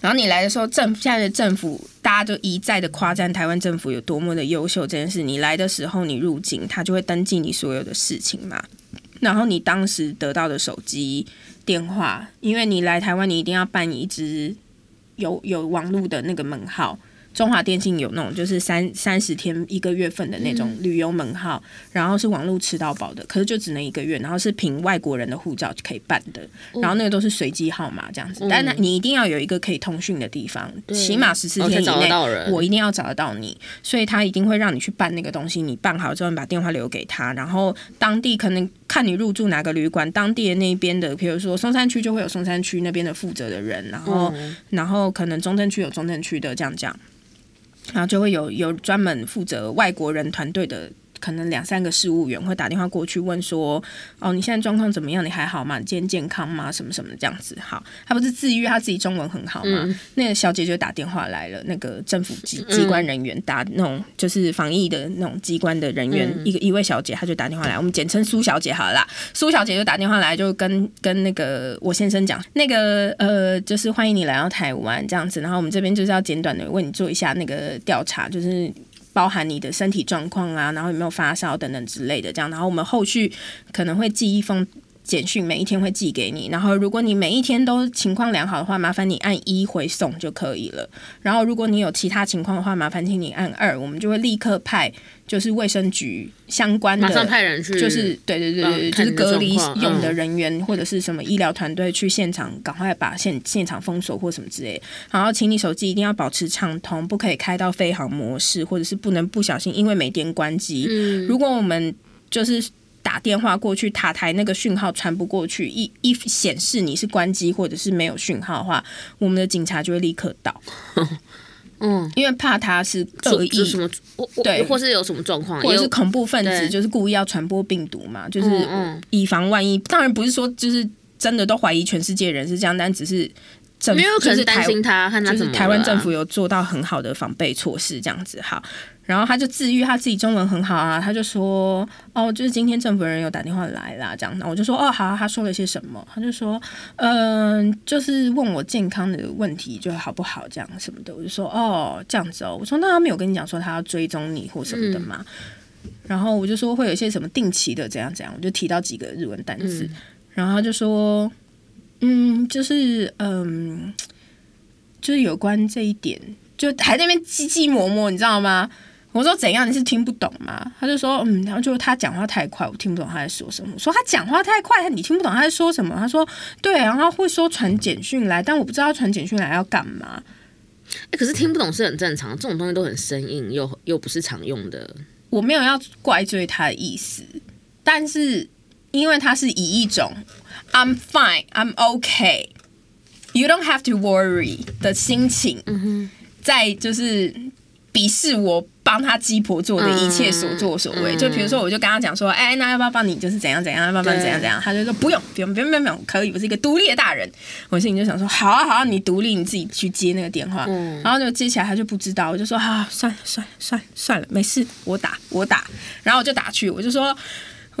然後你來的時候，政府現在的政府大家就一再的誇讚台灣政府有多麼的優秀。這件事，你來的時候，你入境他就會登記你所有的事情嘛。然後你當時得到的手機。電話，因為你來台灣，你一定要辦一支有有網絡的那個門號。中華電信有那種就是三三十天一個月份的那種旅遊門號，嗯、然後是網絡吃到飽的，可是就只能一個月，然後是憑外國人的護照就可以辦的，嗯、然後那個都是隨機號碼這樣子、嗯。但你一定要有一個可以通訊的地方，起碼十四天以內、哦，我一定要找得到你，所以他一定會讓你去辦那個東西。你辦好之後，你把電話留給他，然後當地可能。看你入住哪個旅館，當地的那邊的，比如說松山區就會有松山區那邊的負責的人，然後、嗯、然後可能中正區有中正區的這樣講，然後就會有有專門負責外國人團隊的。可能兩三個事務員會打電話過去問說：“哦，你現在狀況怎麼樣？你還好嗎？今天健，健康嗎？什麼什麼這樣子？”好，他不是自愈，他自己中文很好嗎？嗯、那個小姐就打電話來了，那個政府機機關人員、嗯、打那種就是防疫的那種機關的人員，嗯、一個一位小姐，她就打電話來、嗯，我們簡稱蘇小姐好了啦。蘇小姐就打電話來，就跟跟那個我先生講，那個呃，就是歡迎你來到台灣這樣子。然後我們這邊就是要簡短的為你做一下那個調查，就是。包含你的身體狀況啊，然後有沒有發燒等等之類的，這樣，然後我們後續可能會寄一封。簡訊每一天會寄給你，然後如果你每一天都情況良好的話，麻煩你按一回送就可以了。然後如果你有其他情況的話，麻煩請你按二，我們就會立刻派就是衛生局相關的，馬上派人去，就是對對對，對，對就是隔離用的人員、嗯、或者是什麼醫療團隊去現場，趕快把現現場封鎖或什麼之類。然後請你手機一定要保持暢通，不可以開到飛航模式，或者是不能不小心因為沒電關機、嗯。如果我們就是。打電話過去，塔台那個訊號傳不過去，一一顯示你是關機或者是沒有訊號的話，我們的警察就會立刻到。呵呵嗯，因為怕他是惡意，對，或是有什麼狀況，或者是恐怖分子就是故意要傳播病毒嘛，就是以防萬一嗯嗯。當然不是說就是真的都懷疑全世界人是這樣，但只是政府就是擔心他，就是台灣政府有做到很好的防備措施，這樣子哈。然後他就自愈，他自己中文很好啊，他就說，哦，就是今天政府人有打電話來啦、啊，這樣，那我就說，哦，好、啊，他說了些什麼？他就說，嗯，就是問我健康的問題，就好不好，這樣什麼的。我就說，哦，這樣子哦。我說，那他沒有跟你講說他要追蹤你或什麼的嗎？嗯、然後我就說，會有一些什麼定期的，怎樣怎樣。我就提到幾個日文單詞、嗯，然後他就說，嗯，就是，嗯，就是有關這一點，就還在那邊嘰嘰磨磨，你知道嗎？我說，怎樣，你是聽不懂嗎？他就說嗯，然後就是他講話太快，我聽不懂他在說什麼。我說，他講話太快，你聽不懂他在說什麼。他說對啊，然後他會說傳簡訊來，但我不知道他傳簡訊來要幹嘛。哎、欸，可是聽不懂是很正常，這種東西都很生硬，又又不是常用的。我沒有要怪罪他的意思，但是因為他是以一種 "I'm fine, I'm okay, you don't have to worry" 的心情，嗯哼，在就是鄙視我。幫他雞婆做的一切所作所為，嗯嗯、就比如說，我就跟他講說，哎、欸，那要不要幫你？就是怎樣怎樣，要不要幫你怎樣怎樣？他就說不用，不用，不用，不用，不用，可以，我是一個獨立的大人。我心裡就想說，好啊好啊，你獨立，你自己去接那個電話，嗯、然後就接起來，他就不知道。我就說，好啊，算了算了算了算了，沒事，我打我打，然後我就打去，我就說。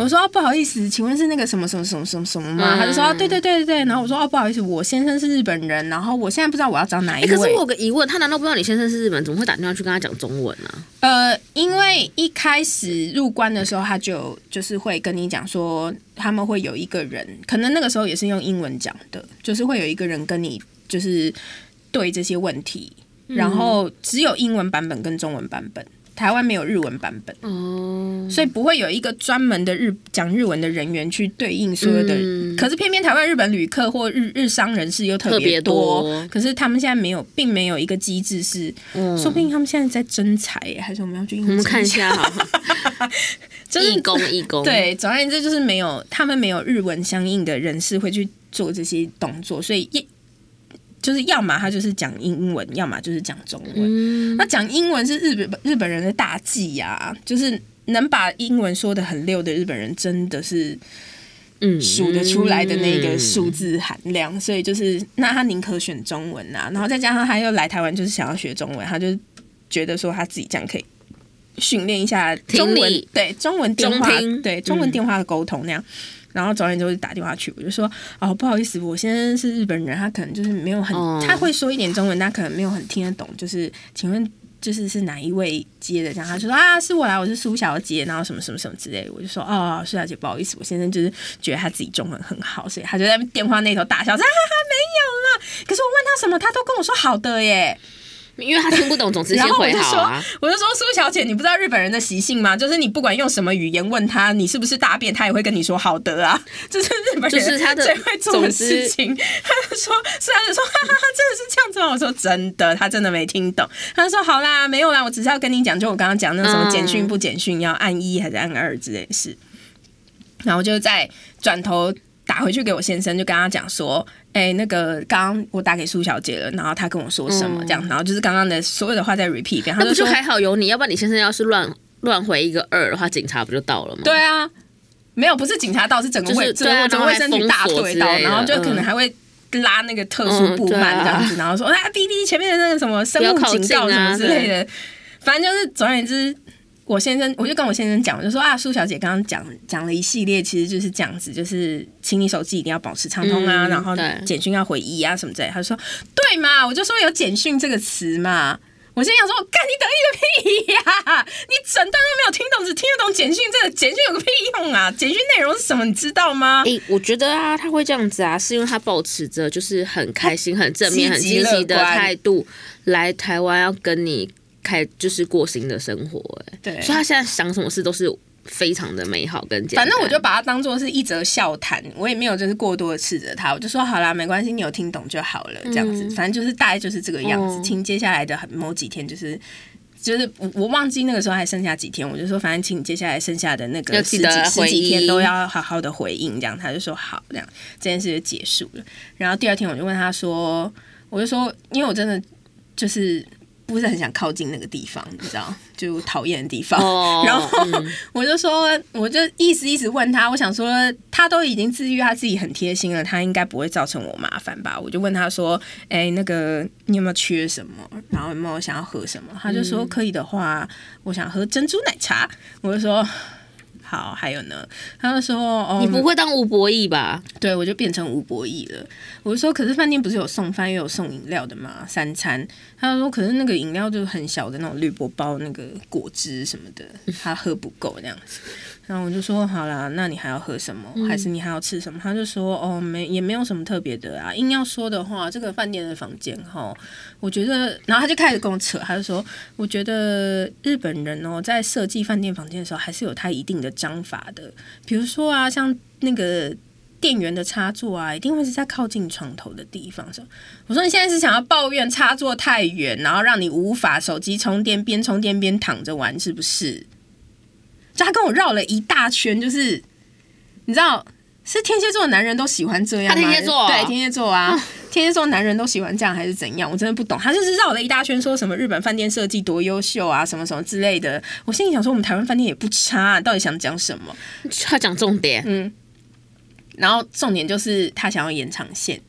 我說啊，不好意思，請問是那個什麼什麼什麼什麼什麼嗎？嗯、他就說對、啊、對對對對。然後我說哦、啊，不好意思，我先生是日本人，然後我現在不知道我要找哪一個、欸。可是我有個疑問，他難道不知道你先生是日本，怎麼會打電話去跟他講中文呢、啊？呃，因為一開始入關的時候，他就就是會跟你講說，他們會有一個人，可能那個時候也是用英文講的，就是會有一個人跟你就是對這些問題，嗯、然後只有英文版本跟中文版本。台灣沒有日文版本，哦、嗯，所以不會有一個專門的日講日文的人員去對應所有的。嗯、可是偏偏台灣日本旅客或日日商人士又特別多,多，可是他們現在沒有，並沒有一個機制是、嗯，說不定他們現在在徵才、欸，還是我們要去應徵？我們看一下好，哈哈哈哈哈，義工義工，對，總而言之就是沒有，他們沒有日文相應的人士會去做這些動作，所以一。就是要麼他就是講英文，要麼就是講中文。嗯、那講英文是日本日本人的大忌呀、啊，就是能把英文說得很溜的日本人，真的是，數得出來的那個數字含量、嗯嗯。所以就是，那他寧可選中文啊。然後再加上他又來台灣，就是想要學中文，他就覺得說他自己這樣可以訓練一下中文，聽對中文電話，中嗯、對中文電話的溝通那樣。然後早點就打電話去，我就說哦不好意思，我先生是日本人，他可能就是沒有很，他會說一點中文，但可能沒有很聽得懂，就是請問就是是哪一位接的？這樣他就說啊是我啦，我是蘇小姐，然後什麼什麼什麼之類的，我就說哦，蘇小姐不好意思，我先生就是覺得他自己中文很好，所以他就在電話那頭大笑，說哈哈沒有了。可是我問他什麼，他都跟我說好的耶。因為他聽不懂，總之先回答、啊。 我就說，我就說蘇小姐，你不知道日本人的習性嗎？就是你不管用什麼語言問他，你是不是大便，他也會跟你說好的啊。這、就是日本人他最會做的事情。就是、他，他就說，雖然是說哈哈哈哈，真的是這樣子嗎？我說真的，他真的沒聽懂。他就說好啦，沒有啦，我只是要跟你講，就我剛剛講那什麼簡訊不簡訊，要按一還是按二之類的事。然後我就在轉頭。打回去給我先生，就跟他講說，誒、欸，那個剛剛我打給蘇小姐了，然後她跟我說什麼、嗯、這樣，然後就是剛剛的所有的話在 repeat。那不就還好有你，要不然你先生要是亂亂回一個二的話，警察不就到了嗎？對啊，沒有，不是警察到，是整個衛、就是啊、整個整個衛生局大隊到然，然後就可能還會拉那個特殊布幔這樣子，嗯啊、然後說啊滴滴前面的那個什麼生物警告什麼之類的，啊、反正就是總而言之。我先生，我就跟我先生講，我就說啊，蘇小姐剛剛講講了一系列，其實就是這樣子，就是請你手機一定要保持暢通啊、嗯，然後簡訊要回一啊什麼之類。他就說對嘛，我就說有簡訊這個詞嘛。我在想說，我幹你得意個屁呀、啊！你整段都沒有聽懂，只聽得懂簡訊，這個簡訊有個屁用啊！簡訊內容是什麼，你知道嗎？誒、欸，我覺得啊，他會這樣子啊，是因為他保持着就是很開心、很正面、很積極的態度來台灣要跟你。開就是過新的生活、欸，對，所以他現在想什麼事都是非常的美好跟簡單。反正我就把他當做是一則笑談，我也沒有就是過多的斥責他，我就說好啦，沒關係，你有聽懂就好了、嗯，這樣子，反正就是大概就是這個樣子。嗯、請接下來的某幾天、就是，就是就是我我忘記那個時候還剩下幾天，我就說反正請你接下來剩下的那個十幾十幾天都要好好的回應，這樣他就說好，這樣這件事就結束了。然後第二天我就問他說，我就說因為我真的就是。不是很想靠近那個地方，你知道，就討厭的地方。 然後我就說，我就一直一直問他，我想說他都已經治癒他自己很貼心了，他應該不會造成我麻煩吧？我就問他說，哎、欸，那個你有沒有缺什麼？然後有沒有想要喝什麼？他就說可以的話，我想喝珍珠奶茶。我就說。好，還有呢。他就說，哦：“你不會當吳博義吧？”對，我就變成吳博義了。我就說：“可是飯店不是有送飯又有送飲料的嗎？三餐。”他就說：“可是那個飲料就是很小的那種鋁箔包那個果汁什麼的，他喝不夠那樣子。”然後我就說好啦，那你還要喝什麼？還是你還要吃什麼？嗯、他就說哦，沒，也沒有什麼特別的啊。硬要說的話，這個飯店的房間哈、哦，我覺得，然後他就開始跟我扯，他就說，我覺得日本人哦，在設計飯店房間的時候，還是有他一定的章法的。比如說啊，像那個電源的插座啊，一定會是在靠近床頭的地方。我說，你現在是想要抱怨插座太遠，然後讓你無法手機充電，邊充電邊躺着玩，是不是？就他跟我繞了一大圈，就是你知道，是天蠍座的男人，都喜歡這樣嗎？他天蠍座、哦，對天蠍座啊，嗯、天蠍座男人都喜歡這樣，還是怎樣？我真的不懂。他就是繞了一大圈，說什麼日本飯店設計多優秀啊，什麼什麼之類的。我心裡想說，我們台灣飯店也不差，到底想講什麼？他講重點，嗯。然後重點就是他想要延長線。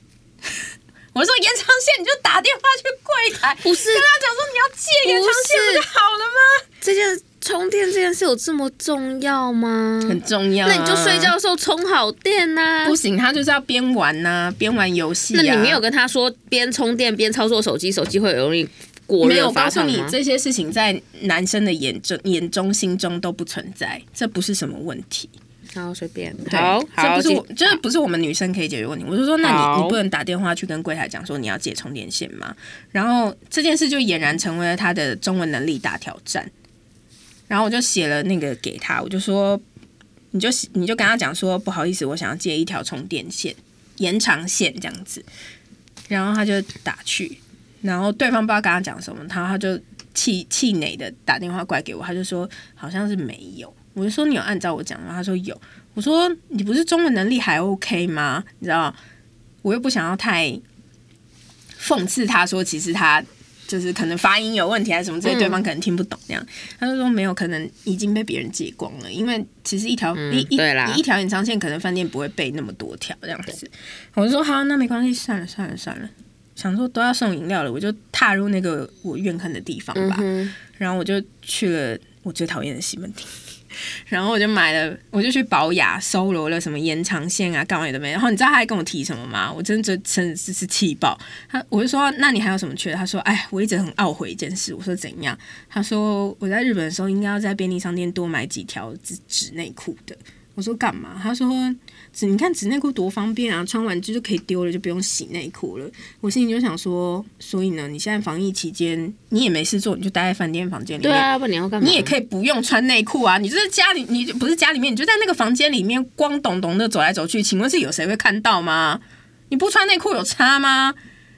我說延長線，你就打電話去櫃台，不是跟他講說你要借延長線不就好了嗎？不是，不是，這就是。充電這件事有這麼重要嗎？很重要、啊。那你就睡覺的時候充好電吶、啊。不行，他就是要邊玩吶、啊，邊玩遊戲、啊。那你沒有跟他說邊充電邊操作手機，手機會容易過熱發燙嗎？沒有告訴你這些事情，在男生的眼中、眼中、心中都不存在，這不是什麼問題。好，隨便對好。好，這不是我，這不是我們女生可以解決問題。我就說，那你你不能打電話去跟櫃檯講說你要借充電線嗎？然後這件事就儼然成為了他的中文能力大挑戰。然後我就寫了那個給他，我就說，你就你就跟他講說，不好意思，我想要借一條充電線、延長線這樣子。然後他就打去，然後對方不知道跟他講什麼，他他就氣氣餒的打電話過來給我，他就說好像是沒有。我就說你有按照我講嗎？他說有。我說你不是中文能力還 OK 嗎？你知道嗎？我又不想要太諷刺他說，其實他。就是可能發音有問題還是什麼之類，對方可能聽不懂那樣，嗯。他就說，沒有，可能已經被別人借光了，因為其實一條一、嗯、對啦，一一條延長線，可能飯店不會備那麼多條這樣子。我就說好，那沒關係，算了算了算了。想說都要送飲料了，我就踏入那個我怨恨的地方吧，嗯。然後我就去了我最討厭的西門町。然後我就買了，我就去寶雅搜羅了什麼延長線啊、幹嘛也都沒。然後你知道他還跟我提什麼嗎？我真的真是氣爆。他我就說：那你還有什麼缺？他說：哎，我一直很懊悔一件事。我說：怎樣？他說：我在日本的時候應該要在便利商店多買幾條紙紙內褲的。我說：幹嘛？他說。紙，你看紙內褲多方便啊！穿完就是可以丟了，就不用洗內褲了。我心裡就想說，所以呢，你現在防疫期間，你也沒事做，你就待在飯店房間裡面。對啊，不然你要幹嘛？你你也可以不用穿內褲啊，你就是家裡，你就不是家裡面，你就在那個房間裡面光咚咚的走來走去。請問是有誰會看到嗎？你不穿內褲有差嗎？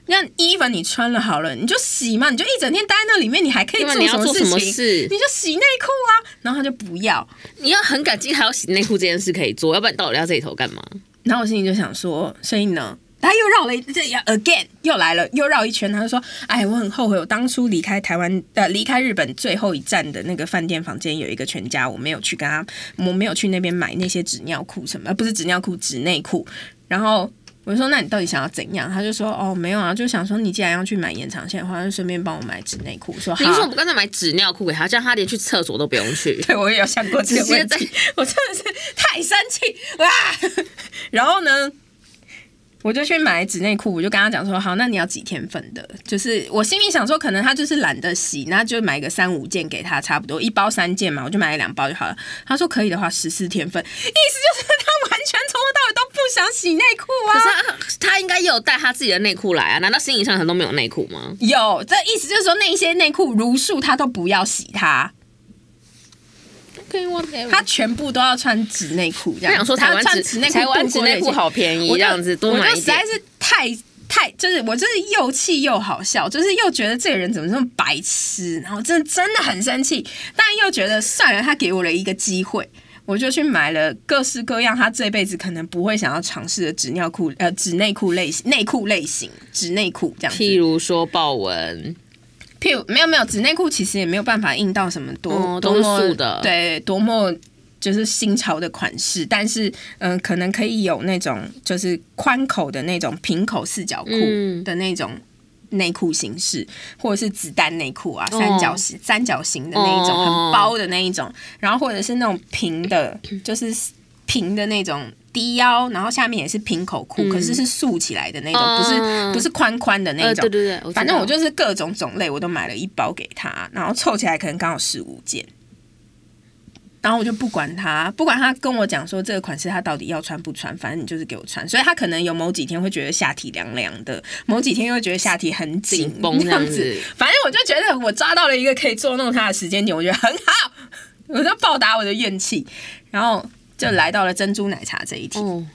那衣服你穿了好了，你就洗嘛，你就一整天待在那裡面，你還可以做什麼事情？因為你要做什麼事，你就洗內褲啊。然後他就不要，你要很感激，還要洗內褲這件事可以做，要不然到我家這一頭幹嘛？然後我心裡就想說，所以呢，他又繞了一這樣，again 又來了，又繞一圈。他就說：“哎，我很後悔，我當初離開台灣，呃，離開日本最後一站的那個飯店房間有一個全家，我沒有去跟他，我沒有去那邊買那些紙尿褲什麼，不是紙尿褲，紙內褲。”然後。我就說：“那你到底想要怎樣？”他就說：“哦，沒有啊，就想說你既然要去買延長線的話，就順便幫我買紙內褲。”說：“你說我們剛才買紙尿褲給他，這樣他連去廁所都不用去。”對，我也有想過這個問題。我真的是太生氣哇！啊、 然後呢，我就去買紙內褲，我就跟他講說：“好，那你要幾天份的？就是我心裡想說，可能他就是懶得洗，那就買個三五件給他，差不多一包三件嘛，我就買了兩包就好了。”他說：“可以的話，十四天份，意思就是他完全。”想洗內褲啊！可是他他應該也有帶他自己的內褲來啊？難道心理上很多沒有內褲嗎？有，這意思就是說那些內褲如數他都不要洗，他。Okay, 他全部都要穿紙內褲，這樣。說他穿紙內褲，好便宜，這樣子多買一些我。我就實在是太太，就是我就是又氣又好笑，就是又覺得這個人怎麼這麼白痴，然後真的真的很生氣，但又覺得算了，他給我了一個機會。我就去買了各式各樣他這輩子可能不會想要嘗試的紙尿褲呃紙內褲類型內褲類型紙內褲這樣，譬如說豹紋，譬如沒有沒有紙內褲其實也沒有辦法印到什麼多多麼、哦、素的對多麼就是新潮的款式，但是嗯、呃、可能可以有那種就是寬口的那種平口四角褲、嗯、的那種。內褲形式，或者是子彈內褲啊，三角形、oh. 三角形的那一種，很包的那一種，oh. 然後或者是那種平的，oh. 就是平的那種低腰，然後下面也是平口褲，mm. 可是是豎起來的那種，oh. 不是不是寬寬的那種。Oh. 反正我就是各種種類，我都買了一包給他，然後湊起來可能剛好十五件。然後我就不管他，不管他跟我講說這個款式他到底要穿不穿，反正你就是給我穿。所以他可能有某幾天會覺得下體涼涼的，某幾天又會覺得下體很緊繃這、這樣子。反正我就覺得我抓到了一個可以捉弄他的時間點，我覺得很好，我就報答我的怨氣，然後就來到了珍珠奶茶這一題，嗯哦。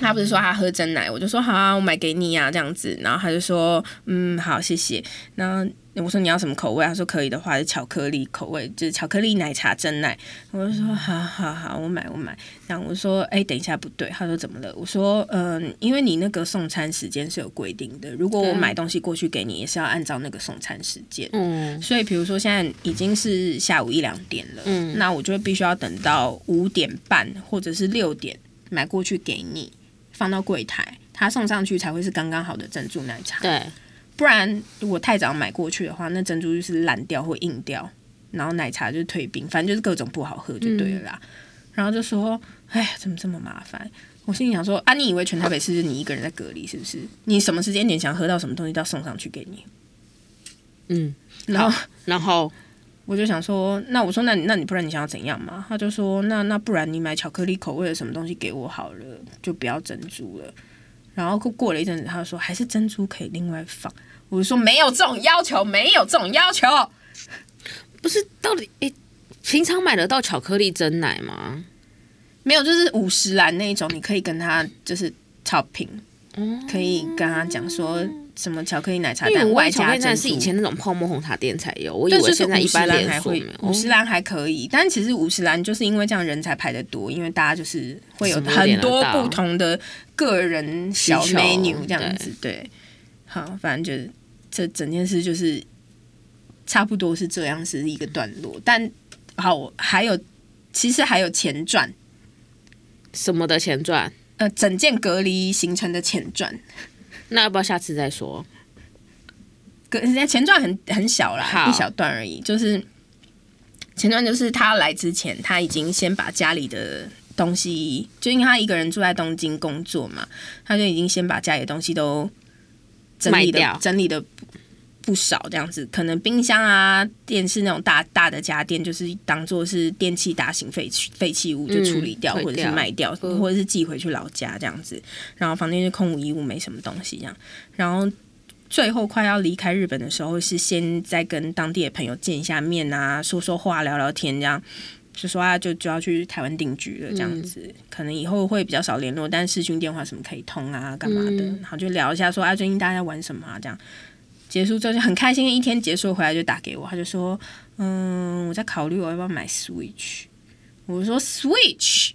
他不是說他喝珍奶，我就說好啊，我買給你呀，啊，這樣子。然後他就說嗯好，謝謝。然後。我說你要什麼口味？他說可以的話是巧克力口味，就是巧克力奶茶珍奶，我就說好好好，我買我買。然後我說哎，等一下不對。他說怎麼了？我說嗯，因為你那個送餐時間是有規定的，如果我買東西過去給你，也是要按照那個送餐時間。嗯。所以比如說現在已經是下午一兩點了，嗯，那我就必須要等到五點半或者是六點買過去給你，放到櫃檯，他送上去才會是剛剛好的珍珠奶茶。對。不然，如果太早買過去的話，那珍珠就是爛掉或硬掉，然後奶茶就是退冰，反正就是各種不好喝就對了啦。嗯、然後就說，哎呀，怎麼這麼麻煩？我心裡想說，啊，你以為全台北市是你一個人在隔離是不是？你什麼時間點想喝到什麼東西，都要送上去給你。嗯，然後然後我就想說，那我說那你，那那你不然你想要怎樣嘛？他就說，那那不然你買巧克力口味的什麼東西給我好了，就不要珍珠了。然後過，過了一陣子，他就說還是珍珠可以另外放。我就說沒有這種要求，沒有這種要求。不是，到底誒，平常買得到巧克力珍奶嗎？沒有，就是五十嵐那一種，你可以跟他就是 topping、嗯，可以跟他講說。什麼巧克力奶茶？因為五百家那是以前那種泡沫紅茶店才有，我以為現在、就是、五十嵐還會，五十嵐還可以。但其實五十嵐就是因為這樣人才排得多，因為大家就是會有很多不同的個人小 menu 這樣子。對，好，反正就是這整件事就是差不多是這樣子一個段落。但好，還有其實還有前傳，什麼的前傳？呃，整件隔離形成的前傳。那要不要下次再說？跟人家前段很很小啦，一小段而已。就是前段，就是他來之前，他已經先把家裡的東西，就因為他一個人住在東京工作嘛，他就已經先把家裡的東西都整理的賣掉，整理的。不少這樣子，可能冰箱啊、電視那種大大的家電，就是當做是電器大型廢棄廢棄物就處理掉、嗯、掉，或者是賣掉，或者是寄回去老家這樣子。然後房間就空無一物，沒什麼東西這樣。然後最後快要離開日本的時候，是先再跟當地的朋友見一下面啊，說說話、聊聊天這樣。就說啊，就就要去台灣定居了這樣子、嗯。可能以後會比較少聯絡，但視訊電話什麼可以通啊，幹嘛的？然後就聊一下說，說啊，最近大家在玩什麼啊，這樣。結束之後就很開心，一天結束回來就打給我，他就說：“嗯，我在考慮我要不要買 Switch。”我說：“Switch，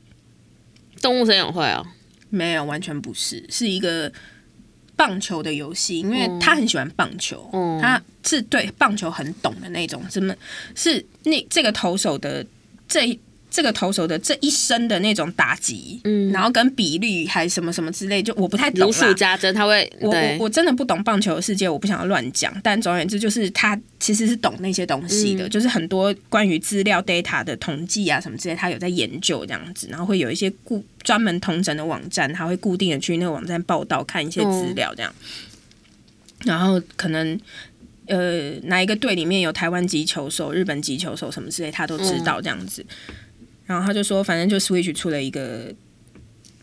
動物森友會啊、哦？沒有，完全不是，是一個棒球的遊戲、嗯，因為他很喜歡棒球、嗯，他是對棒球很懂的那種，什麼是那這個投手的這一。”這個投手的這一生的那種打擊，嗯，然後跟比率還什麼什麼之類，就我不太懂。如數家珍，他會，我我真的不懂棒球的世界，我不想要亂講。但總而言之，就是他其實是懂那些東西的，嗯、就是很多關於資料 data 的統計啊什麼之類，他有在研究這樣子。然後會有一些固專門統整的網站，他會固定的去那個網站報道，看一些資料這樣。哦、然後可能呃，哪一個隊裡面有台灣籍球手、日本籍球手什麼之類，他都知道這樣子。嗯然後他就說，反正就 Switch 出了一個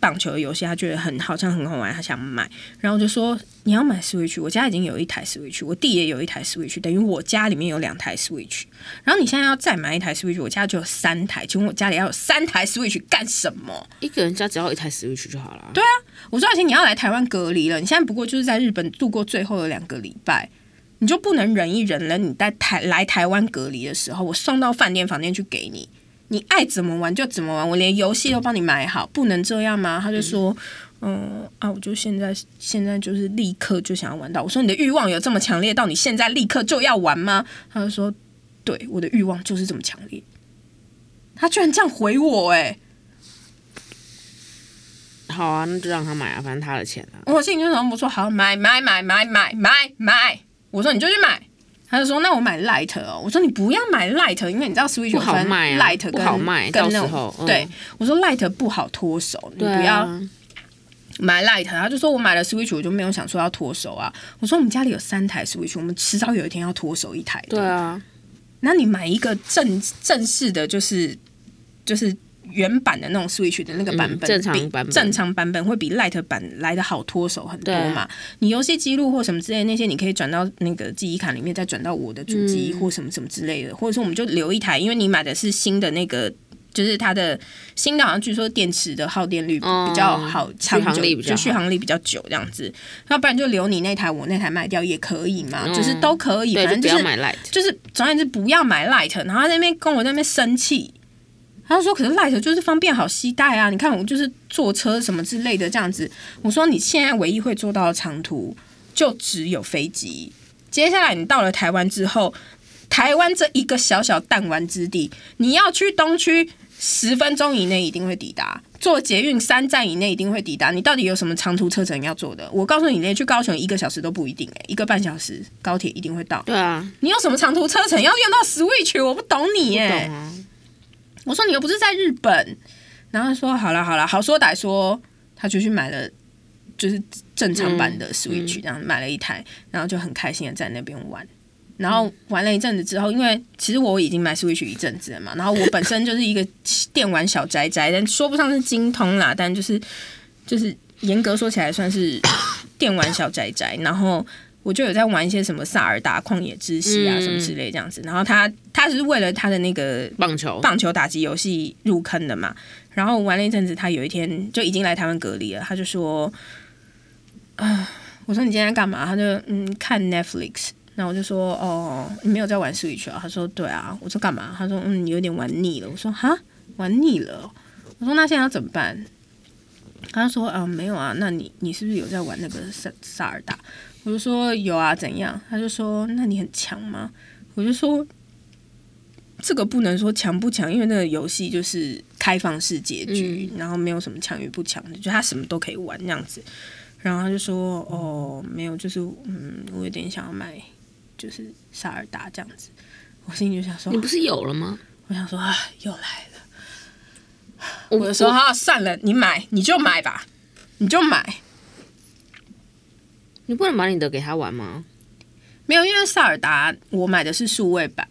棒球的遊戲，他覺得很好，像很好玩，他想買。然後我就說，你要買 Switch，我家已經有一台 Switch，我弟也有一台 Switch，等於我家裡面有兩台 Switch。然後你現在要再買一台 Switch，我家就有三台。請問我家裡要有三台 Switch 幹什麼？一個人家只要一台 Switch 就好了。對啊，我說而且你要來台灣隔離了，你現在不過就是在日本度過最後的兩個禮拜，你就不能忍一忍了你？你來台來台灣隔離的時候，我送到飯店房間去給你。你愛怎麼玩就怎麼玩，我連遊戲都幫你買好，嗯、不能這樣嗎？他就說，嗯、呃、啊，我就現在現在就是立刻就想要玩到。我說你的慾望有這麼強烈到你現在立刻就要玩嗎？他就說，對，我的慾望就是這麼強烈。他居然這樣回我、欸，誒。好啊，那就讓他買啊，反正他的錢啊。我心情很不錯，好，買買，買買買買買買買，我說你就去買。他就說：“那我買 light 哦。”我說：“你不要買 light，因為你知道 switch 好賣 light、啊、跟好賣跟那個、嗯、對。”我說：“light 不好脫手，啊、你不要買 light。”他就說：“我買了 switch，我就沒有想說要脫手啊。”我說：“我們家裡有三台 switch，我們遲早有一天要脫手一台。”對啊，那你買一個正正式的、就是，就是就是。原版的那種 Switch 的那個版本，正常版本，正常版本會比 Light 版來的好脫手很多嘛？你遊戲記錄或什麼之類的那些，你可以轉到那個記憶卡裡面，再轉到我的主機或什麼什麼之類的。或者說，我們就留一台，因為你買的是新的那個，就是它的新的，好像據說電池的耗電率比較好，長久就續航力比較久這樣子。要不然就留你那台，我那台賣掉也可以嘛，就是都可以。反正就是不要買 Light，就是總而言之不要買 Light，然後那邊跟我在那邊生氣。他說：“可是 Lite 就是方便好攜帶啊！你看我就是坐車什麼之類的這樣子。”我說：“你現在唯一會坐到的長途就只有飛機。接下來你到了台灣之後，台灣這一個小小彈丸之地，你要去東區十分鐘以內一定會抵達，坐捷運三站以內一定會抵達。你到底有什麼長途車程要做的？我告訴你，那去高雄一個小時都不一定、欸，誒，一個半小時高鐵一定會到。對啊，你有什麼長途車程要用到 Switch？我不懂你、欸，哎、啊。”我說，你又不是在日本，然後說好了好了，好說歹說，他就去買了，就是正常版的 Switch，這樣，嗯，買了一台，然後就很開心的在那邊玩。然後玩了一陣子之後，因為其實我已經買 Switch 一陣子了嘛，然後我本身就是一個電玩小宅宅，但說不上是精通啦，但就是就是嚴格說起來算是電玩小宅宅，然後。我就有在玩一些什麼薩爾達曠野之息啊什麼之類這樣子，嗯、然後他他是為了他的那個棒球棒球打擊遊戲入坑的嘛，然後玩了一陣子，他有一天就已經來台灣隔離了，他就說啊，我說你今天幹嘛？他就嗯看 Netflix，那我就說哦，你沒有在玩 Switch 啊？他說對啊，我說幹嘛？他說嗯，有點玩膩了。我說哈，玩膩了？我說那現在要怎麼辦？他說啊、嗯，沒有啊，那你你是不是有在玩那個薩薩爾達？我就說有啊，怎樣？他就說，那你很強嗎？我就說這個不能說強不強，因為那個遊戲就是開放式結局，嗯、然後沒有什麼強與不強的，就他什麼都可以玩那樣子。然後他就說哦，沒有，就是嗯，我有點想要買，就是薩爾達這樣子。我心裡就想說你不是有了嗎？我想說啊，又來了。我，我就說哈、啊，算了，你買你就買吧，你就買。你不能把你的給他玩嗎？沒有，因為薩爾達我買的是數位版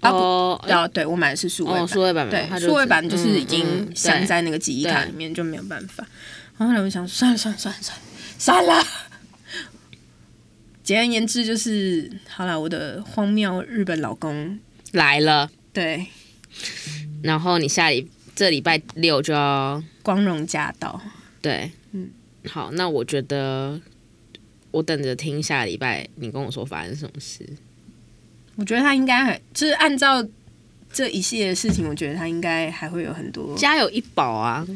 哦、oh, 啊欸啊，對，我買的是數位數位版，oh, 位版對，數位版就是已經鑲、嗯嗯、在那個記憶卡裡面，就沒有辦法。然後後來我想算了算了算了算了，算了。簡而言之，就是好了，我的荒謬日本老公來了，對。然後你下禮，這禮拜六就要光榮駕到，對，嗯，好，那我覺得。我等着聽下禮拜你跟我說發生什麼事。我覺得他應該很，就是按照這一系列事情，我覺得他應該還會有很多。家有一寶啊，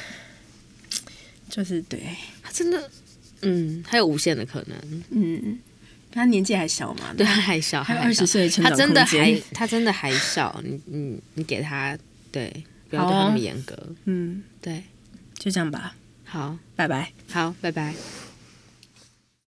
就是對。他真的，嗯，他有無限的可能。嗯，他年紀還小嘛，對，他還小，還有二十歲的成長空間，他真的還，他真的還小。你你你給他，對，不要對他那麼嚴格、啊。嗯，對，就這樣吧。好，拜拜。好，拜拜。